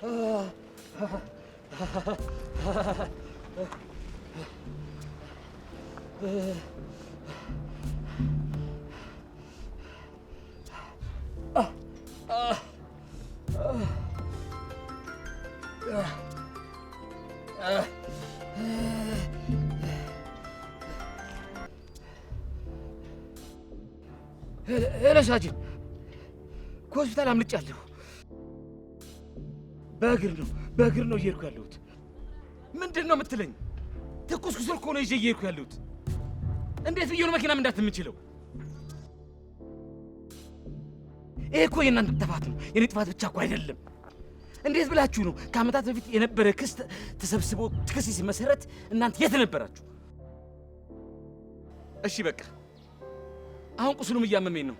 ሄለሻጅ ከሆስፒታል አምልጫለሁ። በእግር ነው በእግር ነው እየሄድኩ ያለሁት። ምንድን ነው የምትለኝ? ትኩስ ኩስል እኮ ነው ይዤ እየሄድኩ ያለሁት። እንዴት ብዬ ነው መኪና መንዳት የምችለው? ይሄ እኮ የእናንተ ጥፋት ነው፣ የኔ ጥፋት ብቻ እኮ አይደለም። እንዴት ብላችሁ ነው ከዓመታት በፊት የነበረ ክስ ተሰብስቦ ክስ ሲመሰረት እናንተ የት ነበራችሁ? እሺ በቃ አሁን ቁስሉም እያመመኝ ነው፣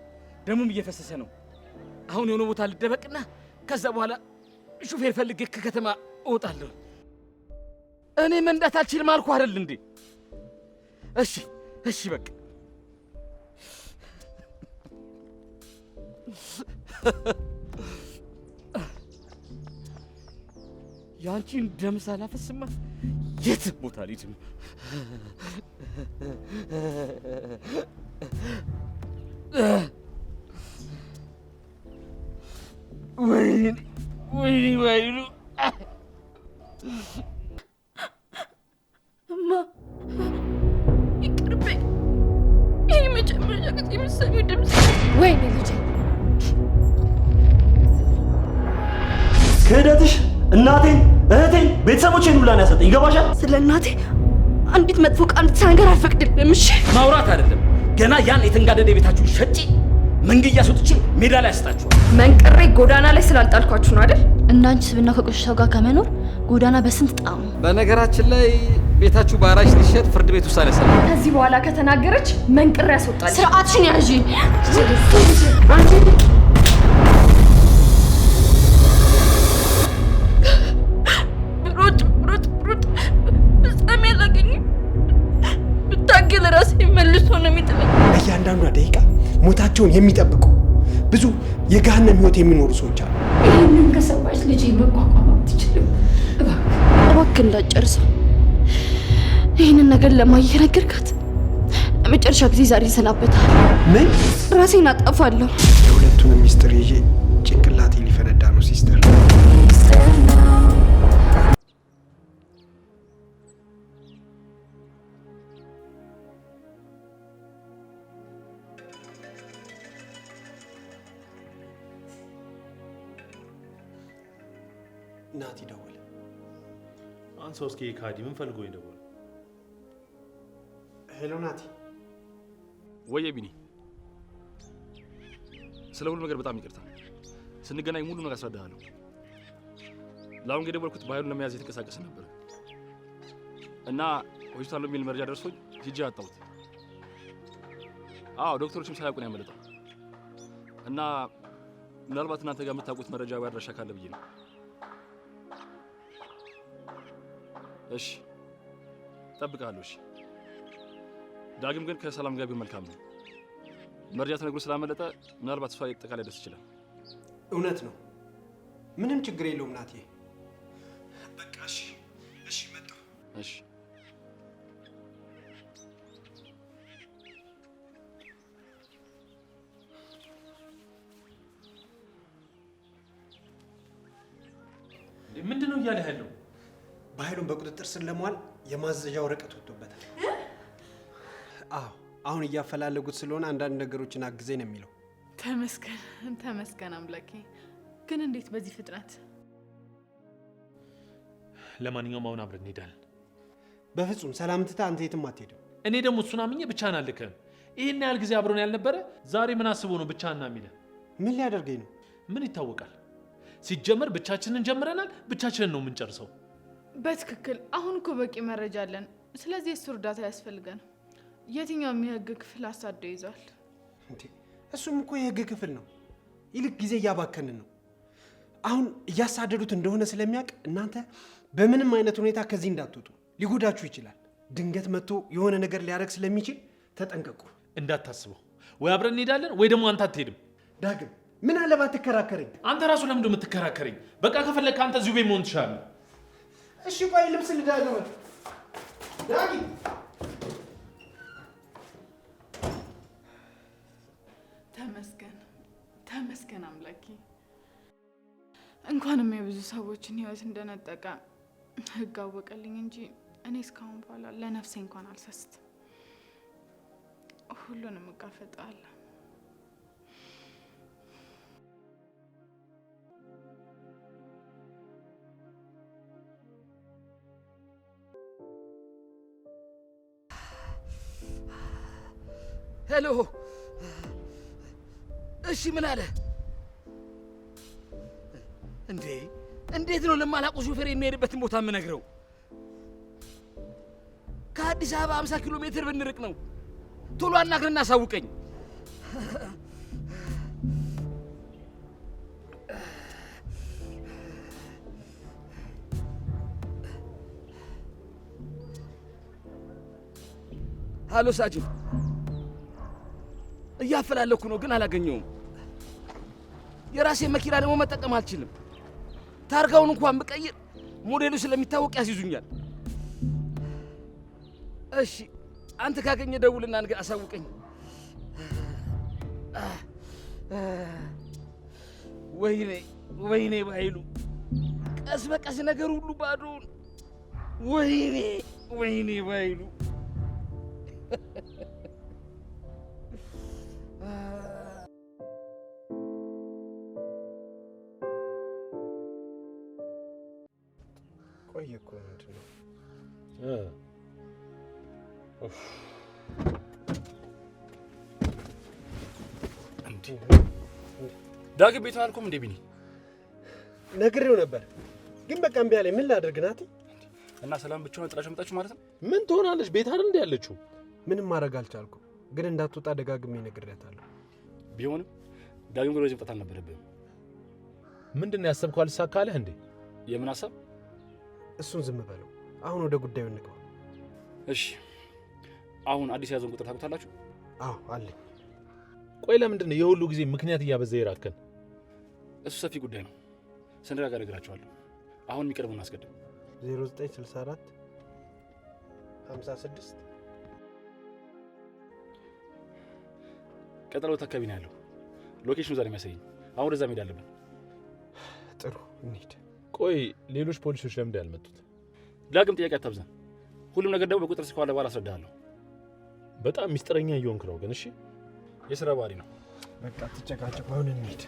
ደሙም እየፈሰሰ ነው። አሁን የሆነ ቦታ ልደበቅና ከዛ በኋላ ሹፌር ፈልጌ ከከተማ እወጣለሁ። እኔ መንዳት አልችልም አልኩህ አይደል እንዴ? እሺ እሺ፣ በቃ የአንቺን ደም ሳላፈስማ የት ቦታ ልጅም ወይኔ ወይኔ ባይሉ እማ ይቅርብኝ። ይህ መጨመሪያ ጊዜ የምሰሚ ድምፅ ወይኔ ልጄ ክህደትሽ እናቴን እህቴን ቤተሰቦቼን ሁላ ነው ያሰጠኝ። ይገባሻል? ስለ እናቴ አንዲት መጥፎ ቃል እንድትናገር አልፈቅድልም። እሺ ማውራት አይደለም ገና ያን የተንጋደደ ቤታችሁን ሸጪ መንግያ አስወጥቼ ሜዳ ላይ ያስጣችኋል። መንቅሬ ጎዳና ላይ ስላልጣልኳችሁ ነው አይደል? እንዳንቺ ስብና ከቆሻሻው ጋር ከመኖር ጎዳና በስንት ጣሙ። በነገራችን ላይ ቤታችሁ በአራሽ ሊሸጥ ፍርድ ቤት ውሳኔ ሰ ከዚህ በኋላ ከተናገረች መንቅሬ ያስወጣል። ስርዓትሽን ያዥ። መልሶ ነው የሚጥለኝ። እያንዳንዷ ደቂቃ ሞታቸውን የሚጠብቁ ብዙ የገሃነም ህይወት የሚኖሩ ሰዎች አሉ። ይህንን ከሰባች ልጅ መቋቋም አትችልም። እባክህ እንዳጨርሰ ይህንን ነገር ለማየ ነገርካት። ለመጨረሻ ጊዜ ዛሬ ይሰናበታል። ምን ራሴን አጠፋለሁ። የሁለቱንም ሚስጥር ይዤ ሰው እስኪ ካዲ ምን ፈልጎ ይደውል። ሄሎ ናቲ። ቢኒ፣ ስለ ሁሉ ነገር በጣም ይቅርታ። ስንገናኝ ሙሉ ነገር አስረዳሃለሁ። ለአሁን የደወልኩት በኃይሉን ለመያዝ የተንቀሳቀሰ ነበር እና ሆስፒታል የሚል መረጃ ደርሶኝ ሂጄ አጣሁት። አዎ ዶክተሮችም ሳያውቁን ያመለጠው እና ምናልባት እናንተ ጋር የምታውቁት መረጃ ባድራሻ ካለ ብዬ ነው። እሺ እጠብቅሃለሁ። እሺ ዳግም ግን ከሰላም ጋር ቢሆን መልካም ነው። መርጃ ተነግሮ ስላመለጠ ምናልባት እሷ ጠቃ ላይ ደስ ይችላል። እውነት ነው። ምንም ችግር የለውም ናት። በቃ እሺ፣ እሺ፣ መጣሁ። እሺ ምንድን ነው ያለው? በኃይሉን በቁጥጥር ስር ለመዋል የማዘዣ ወረቀት ወጥቶበታል። አዎ አሁን እያፈላለጉት ስለሆነ አንዳንድ ነገሮችን አግዘኝ ነው የሚለው። ተመስገን ተመስገን አምላኬ። ግን እንዴት በዚህ ፍጥነት? ለማንኛውም አሁን አብረን እንሄዳለን። በፍጹም ሰላም ትታ አንተ የትም አትሄድም። እኔ ደግሞ እሱን አምኜ ብቻህን አልልክህም። ይህን ያህል ጊዜ አብሮን ያልነበረ ዛሬ ምን አስቦ ነው ብቻህን የሚለን? ምን ሊያደርገኝ ነው? ምን ይታወቃል። ሲጀመር ብቻችንን ጀምረናል፣ ብቻችንን ነው የምንጨርሰው። በትክክል አሁን እኮ በቂ መረጃ አለን። ስለዚህ እሱ እርዳታ ያስፈልገን። የትኛውም የህግ ክፍል አሳዶ ይዟል። እሱም እኮ የህግ ክፍል ነው። ይልቅ ጊዜ እያባከንን ነው። አሁን እያሳደዱት እንደሆነ ስለሚያውቅ እናንተ በምንም አይነት ሁኔታ ከዚህ እንዳትወጡ፣ ሊጎዳችሁ ይችላል። ድንገት መጥቶ የሆነ ነገር ሊያደርግ ስለሚችል ተጠንቀቁ። እንዳታስበው፣ ወይ አብረን እንሄዳለን ወይ ደግሞ አንተ አትሄድም። ዳግም ምን አለ ትከራከረኝ። አንተ ራሱ ለምንድን የምትከራከረኝ? በቃ ከፈለግ ከአንተ እዚሁ ቤት መሆን ትችላለህ። እሺ ቆይ ልብስ ልዳለው ዳጊ ተመስገን ተመስገን አምላኬ እንኳንም የብዙ ሰዎችን ህይወት እንደነጠቀ ህግ አወቀልኝ እንጂ እኔ እስካሁን በኋላ ለነፍሴ እንኳን አልሰስትም ሁሉንም እጋፈጣለሁ ሄሎ። እሺ ምን አለ እንዴ? እንዴት ነው ለማላውቀው ሹፌር የሚሄድበትን ቦታ የምነግረው? ከአዲስ አበባ 50 ኪሎ ሜትር ብንርቅ ነው። ቶሎ አናግረና አሳውቀኝ። ሀሎ ሳጅን እያፈላለኩ ነው፣ ግን አላገኘውም። የራሴ መኪና ደግሞ መጠቀም አልችልም። ታርጋውን እንኳን ብቀይር ሞዴሉ ስለሚታወቅ ያስይዙኛል። እሺ፣ አንተ ካገኘ ደውልና ንገ አሳውቀኝ። ወይኔ ወይኔ፣ ባይሉ ቀስ በቀስ ነገር ሁሉ ባዶውን። ወይኔ ወይኔ ባይሉ ቆየ እኮ ምንድን ነው ዳግም ቤት አልኩም እንዴ? ቢኒ ነግሬው ነበር፣ ግን በቃ እምቢ አለኝ። ምን ላድርግ ናቲ? እና ሰላም ብቻውን ጥላሽ መጣችሁ ማለት ነው? ምን ትሆናለች? ቤት አይደል እንዴ ያለችው? ምንም ማድረግ አልቻልኩም። ግን እንዳትወጣ ደጋግሜ እነግርሃታለሁ። ቢሆንም ዳግም ግን ወደዚህ መምጣት አልነበረብህም። ምንድን ነው ያሰብከው? አልሳካለህ እንዴ? የምን ሀሳብ? እሱን ዝም በለው። አሁን ወደ ጉዳዩ እንግባ። እሺ። አሁን አዲስ የያዘውን ቁጥር ታውቁታላችሁ? አዎ አለኝ። ቆይ ለምንድን ነው የሁሉ ጊዜ ምክንያት እያበዛ የራከን? እሱ ሰፊ ጉዳይ ነው። ስንረጋጋ እነግራችኋለሁ። አሁን የሚቀርበውን አስቀድም 0964 56 ቀጠሎት አካባቢ ነው ያለው። ሎኬሽኑ ዛሬ የሚያሳየኝ። አሁን ወደዛ መሄድ አለብን። ጥሩ እንሂድ። ቆይ ሌሎች ፖሊሶች ለምንድ ያልመጡት? ዳግም ጥያቄ አታብዛን። ሁሉም ነገር ደግሞ በቁጥር ስከዋለ በኋላ አስረዳሃለሁ። በጣም ሚስጥረኛ እየሆንክ ነው ግን። እሺ የስራ ባህሪ ነው። በቃ ትጨቃጨቅ። አሁን እንሂድ።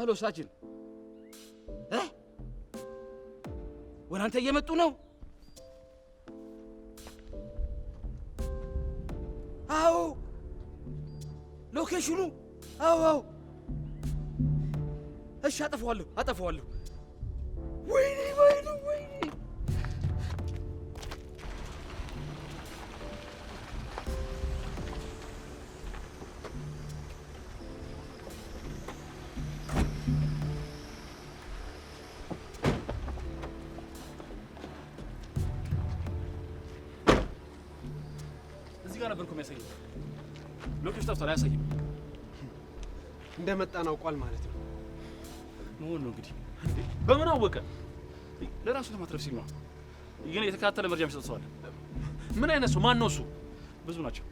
ሄሎ ሳጅን እ ወደ አንተ እየመጡ ነው። አዎ ሎኬሽኑ። አዎ አዎ። እሺ አጠፋዋለሁ፣ አጠፋዋለሁ እንደነበርኩ የሚያሳየው። ሎኬሽ ጠፍቷል፣ አያሳይም። እንደመጣን አውቋል ማለት ነው መሆን ነው እንግዲህ። በምን አወቀ? ለራሱ ለማትረፍ ሲል ነው። ግን የተከታተለ መረጃ የሚሰጥ ሰው አለ። ምን አይነት ሰው? ማን ነው እሱ? ብዙ ናቸው፣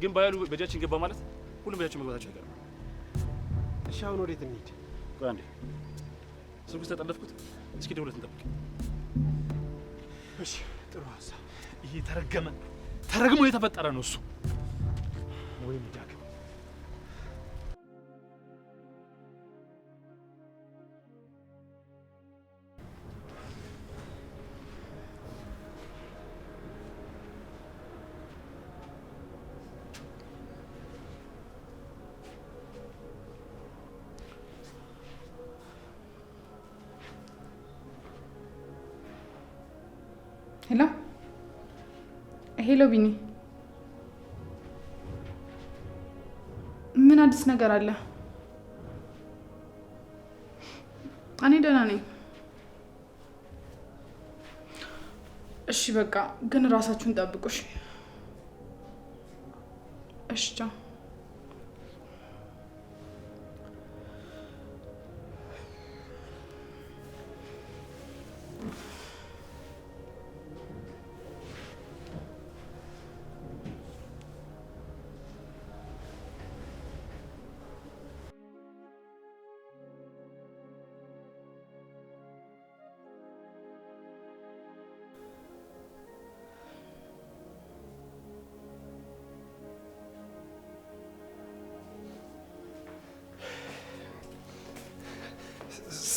ግን ባያሉ በጃችን ገባ ማለት ሁሉም በጃችን መግባታቸው አይቀርም። እሺ፣ አሁን ወዴት እንሂድ? ቆይ አንዴ ስልኩ ተጠለፍኩት። እስኪ ደውለት እንጠብቅ። እሺ፣ ጥሩ ሀሳብ። ይሄ ተረገመ ተረግሞ የተፈጠረ ነው እሱ Uymayacak. Hello. Hello, Vini. አዲስ ነገር አለ? እኔ ደህና ነኝ። እሺ በቃ ግን ራሳችሁን ጠብቁሽ። እሺ ቻው።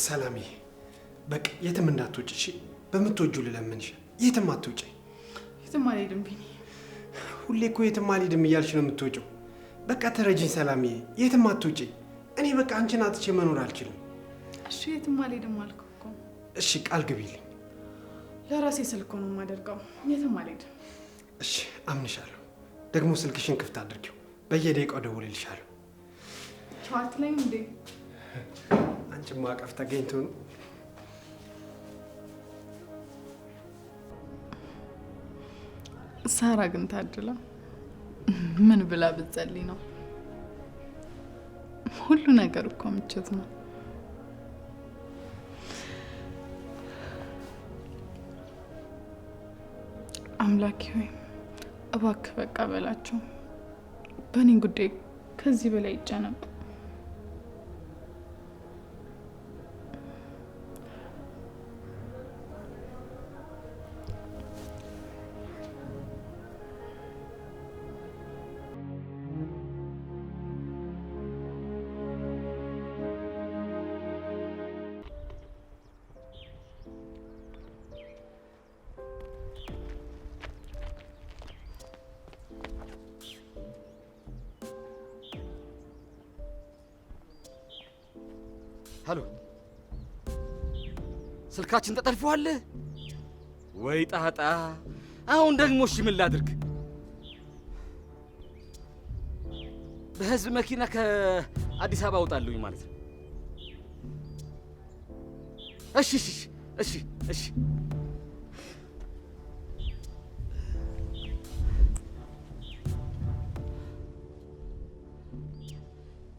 ሰላም፣ በቃ የትም እንዳትወጪ እሺ። በምትወጁ ልለምንሽ፣ የትም አትውጪ። የትም አልሄድም ቢኒ። ሁሌ እኮ የትም አልሄድም እያልሽ ነው የምትወጪው። በቃ ተረጅኝ ሰላምዬ፣ የትም አትውጪ። እኔ በቃ አንቺን አጥቼ መኖር አልችልም። እሺ፣ የትም አልሄድም አልከው እኮ። እሺ፣ ቃል ግቢልኝ። ለራሴ ስልክ ነው የማደርገው። የትም አልሄድም። እሺ፣ አምንሻለሁ። ደግሞ ስልክሽን ክፍት አድርጊው። በየደቂቃው ደውልልሻለሁ። ጨዋት ላይ እንዴ አንቺን ማቀፍ ተገኝቶ ነው። ሳራ ግን ታድላ ምን ብላ ብትጸልይ ነው? ሁሉ ነገር እኮ ምቾት ነው። አምላኬ ሆይ እባክህ በቃ በላቸው። በእኔ ጉዳይ ከዚህ በላይ ይጨነቁ። ሄሎ፣ ስልካችን ተጠልፏል። ወይ ጣጣ! አሁን ደግሞ እሺ ምን ላድርግ? በህዝብ መኪና ከአዲስ አበባ እወጣለሁኝ ማለት ነው። እሺ፣ እሺ፣ እሺ፣ እሺ።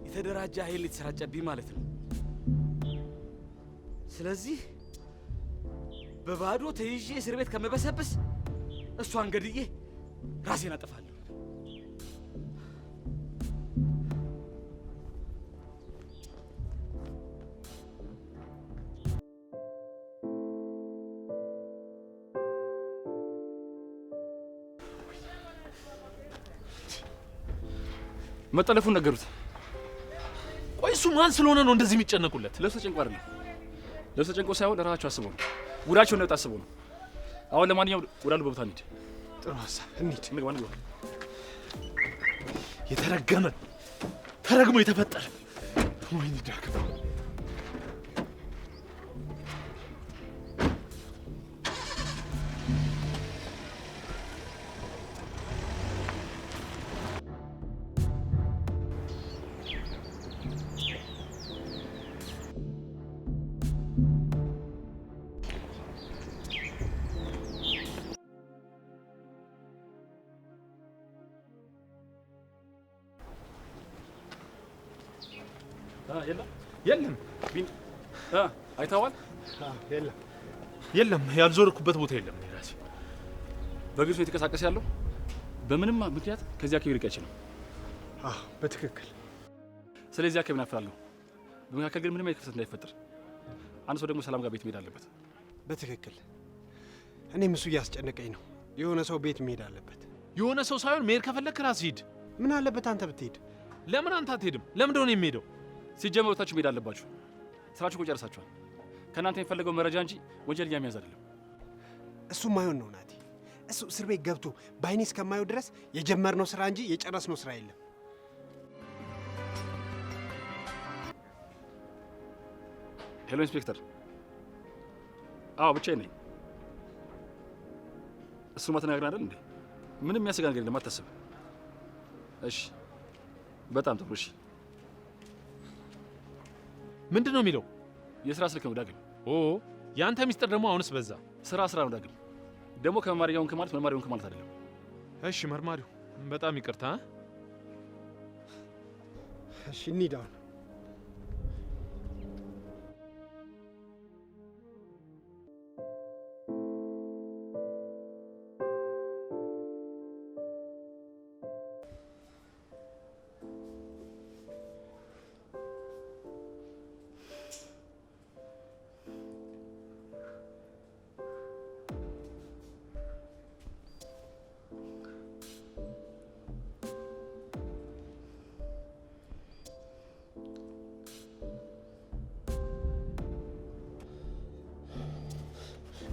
የተደራጀ ኃይል የተሰራጨብኝ ማለት ነው። ስለዚህ በባዶ ተይዤ እስር ቤት ከመበሰብስ እሷን ገድዬ ራሴን አጠፋለሁ። መጠለፉን ነገሩት። ቆይ እሱ ማን ስለሆነ ነው እንደዚህ የሚጨነቁለት? ለእሱ ጭንቋር ነው ልብስ ተጨንቆ ሳይሆን ራሳቸው አስበው ነው ጉዳቸውን ነጥ አስበው ነው። አሁን ለማንኛውም ወዳሉ በቦታ እንሂድ። ጥሩ ሀሳብ እንሂድ። እንግባ እንግባ። የተረገመ ተረግሞ የተፈጠረ ወይኔ ዳግም የለም አይተዋል። የለም ያልዞርኩበት ቦታ የለም። ራሴ በግልጽ የተንቀሳቀስ ያለው በምንም ምክንያት ከዚያ አካባቢ ርቄ አይችልም። በትክክል ስለዚህ አካባቢ ናፍራለሁ። በመካከል ግን ምንም አይነት እንዳይፈጥር አንድ ሰው ደግሞ ሰላም ጋር ቤት መሄድ አለበት። በትክክል እኔ እሱ እያስጨነቀኝ ነው። የሆነ ሰው ቤት መሄድ አለበት። የሆነ ሰው ሳይሆን መሄድ ከፈለክ ራስ ሂድ። ምን አለበት አንተ ብትሄድ? ለምን አንተ አትሄድም? ለምን እንደሆነ የሚሄደው ሲጀመር ወታችሁ መሄድ አለባችሁ። ስራችሁ እኮ ጨርሳችኋል። ከእናንተ የሚፈለገው መረጃ እንጂ ወንጀል የሚያዝ አይደለም። እሱ አይሆን ነው ናቲ። እሱ እስር ቤት ገብቶ በአይኔ እስከማየው ድረስ የጀመርነው ስራ እንጂ የጨረስነው ስራ የለም። ሄሎ ኢንስፔክተር። አዎ ብቻዬን ነኝ። እሱ ማተናገር አይደል እንዴ? ምንም የሚያሰጋ ነገር የለም አታስብ። እሺ፣ በጣም ጥሩ። እሺ ምንድን ነው የሚለው? የስራ ስልክ ነው ዳግም። ኦ የአንተ ሚስጥር ደግሞ አሁንስ በዛ። ስራ ስራ ነው ዳግም። ደግሞ ከመርማሪያውን ከማለት መርማሪውን ከማለት አይደለም። እሺ መርማሪው፣ በጣም ይቅርታ። እሺ እንሂድ አሁን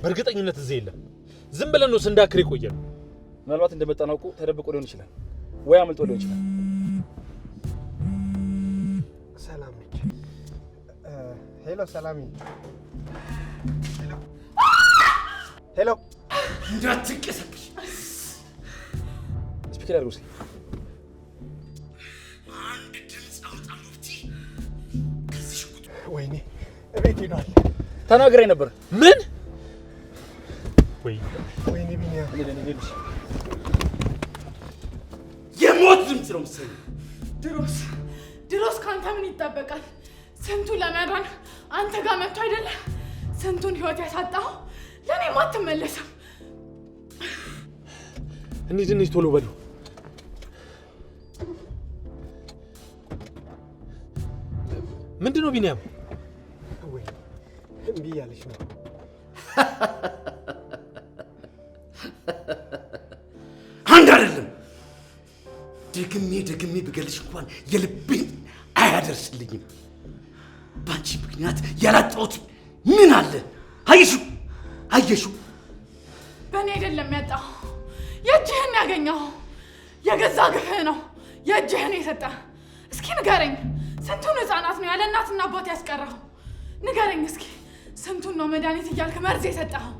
በእርግጠኝነት እዚህ የለም። ዝም ብለን ነው ስንዳክር የቆየ ነው። ምናልባት እንደመጣን አውቆ ተደብቆ ሊሆን ይችላል፣ ወይ አምልጦ ሊሆን ይችላል። ሰላም ነች። ሄሎ፣ ሰላም። ሄሎ፣ እንዳትንቀሳቀሽ። ስፒከር ያድርጉ እስኪ ወይኔ እቤት ይኗል። ተናግረኝ ነበር ምን የሞት ድምፅ ነው የምትሰሚው። ድሮስ ድሮስ ከአንተ ምን ይጠበቃል? ስንቱን ለመዳን አንተ ጋር መጥቶ አይደለም ስንቱን ህይወት ያሳጣው ለእኔም አትመለስም። እንሂድ እንሂድ፣ ቶሎ በሉ። ምንድን ነው ቢኒያም? እምቢ እያለች ነው ብገልሽ እንኳን የልብኝ አያደርስልኝም። በአንቺ ምክንያት ያላጣሁት ምን አለ? አየሹ አየሹ፣ በእኔ አይደለም ያጣሁ፣ የእጅህን ያገኘው የገዛ ግፍህ ነው። የእጅህን የሰጠ እስኪ ንገረኝ፣ ስንቱን ህፃናት ነው ያለ እናትና አባት ያስቀረኸው? ንገረኝ እስኪ ስንቱን ነው መድኃኒት እያልክ መርዝ የሰጠኸው?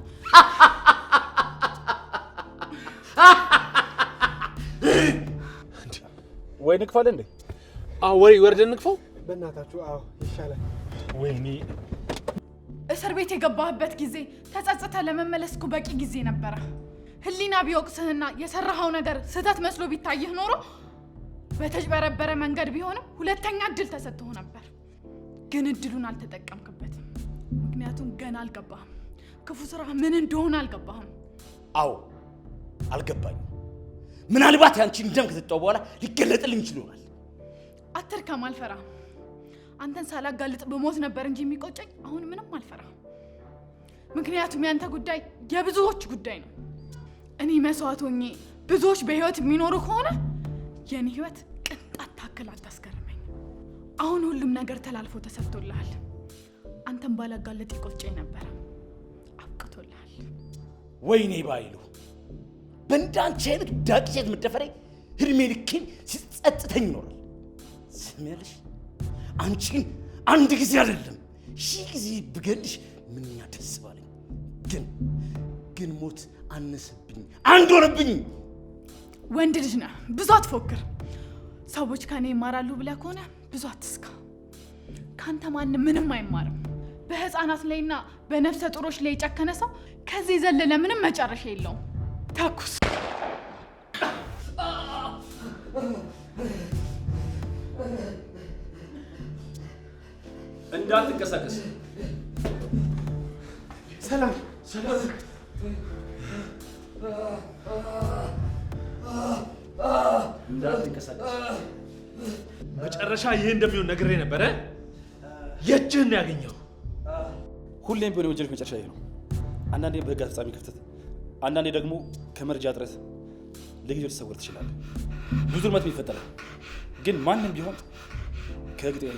ወይ ንክፋል እንዴ? አዎ፣ ወይ ወርደን ንክፈው። በእናታችሁ አዎ፣ ይሻላል። ወይኔ እስር ቤት የገባህበት ጊዜ ተጸጽተ ለመመለስኩ በቂ ጊዜ ነበረ። ህሊና ቢወቅስህና የሰራኸው ነገር ስህተት መስሎ ቢታይህ ኖሮ በተጭበረበረ መንገድ ቢሆንም ሁለተኛ እድል ተሰጥቶ ነበር። ግን እድሉን አልተጠቀምክበትም። ምክንያቱም ገና አልገባህም። ክፉ ስራ ምን እንደሆነ አልገባህም። አዎ፣ አልገባኝም ምናልባት ያንቺን ደም ከተጣው በኋላ ሊገለጥልኝ ይችል ይሆናል። አትድከም፣ አንተን ሳላጋልጥ በሞት ነበር እንጂ የሚቆጨኝ። አሁን ምንም አልፈራም፣ ምክንያቱም ያንተ ጉዳይ የብዙዎች ጉዳይ ነው። እኔ መስዋዕት ሆኜ ብዙዎች በህይወት የሚኖሩ ከሆነ የኔ ህይወት ቅንጣት ታክል አታስገርመኝ። አሁን ሁሉም ነገር ተላልፎ ተሰጥቶልሃል። አንተን ባላጋለጥ ይቆጨኝ ነበር አብቅቶልሃል። ወይኔ ባይሉ በእንዳንቺ አይነት ዳቂ ሴት መደፈሬ እድሜ ልኬን ሲጸጥተኝ ይኖራል። ስሚያለሽ፣ አንቺ ግን አንድ ጊዜ አይደለም ሺህ ጊዜ ብገልሽ ምንኛ ደስ ባለኝ። ግን ግን ሞት አነሰብኝ፣ አንድ ሆነብኝ። ወንድ ልጅ ነህ፣ ብዙ አትፎክር። ሰዎች ከኔ ይማራሉ ብለህ ከሆነ ብዙ አትስካ። ከአንተ ማንም ምንም አይማርም። በህፃናት ላይና በነፍሰ ጡሮች ላይ የጨከነ ሰው ከዚህ የዘለለ ምንም መጨረሻ የለውም። ተኩስ እንዳትንቀሳቀስ። ሰላም ሰላም። እንዳትንቀሳቀስ። መጨረሻ ይህ እንደሚሆን ነግሬ ነበረ። የእጅህን ነው ያገኘው። ሁሌም ቢሆን የወንጀሎች መጨረሻ ይሄ ነው። አንዳንዴ በህግ አስፈጻሚ ክፍተት፣ አንዳንዴ ደግሞ ከመርጃ እጥረት ለጊዜው ልትሰወር ትችላለህ። ብዙ ርመት ይፈጠራል። ግን ማንም ቢሆን ከህግ ጥያቄ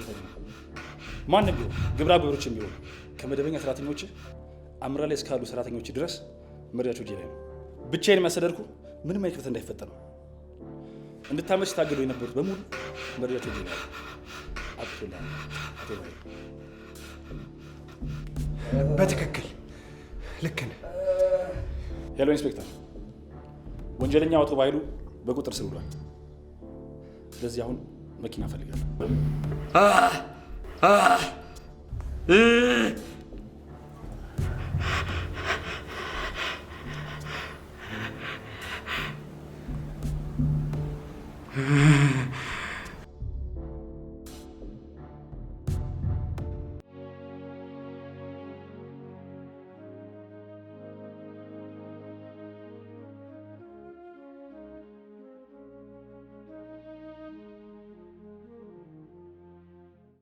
ማንም ቢሆን ግብረ አበሮች የሚሆኑ ከመደበኛ ሰራተኞች አምራ ላይ እስካሉ ሰራተኞች ድረስ መረጃቸው እጄ ላይ ነው። ብቻዬን የሚያስተደርኩ ምንም አይነት ክፍተት እንዳይፈጠር ነው። እንድታመች ታገዱ የነበሩት በሙሉ መረጃቸው እጄ ላይ አቶ በትክክል ልክ ነህ። ሄሎ ኢንስፔክተር፣ ወንጀለኛ አቶ ባይሉ በቁጥር ስር ውሏል። ስለዚህ አሁን መኪና እፈልጋለሁ። ああええー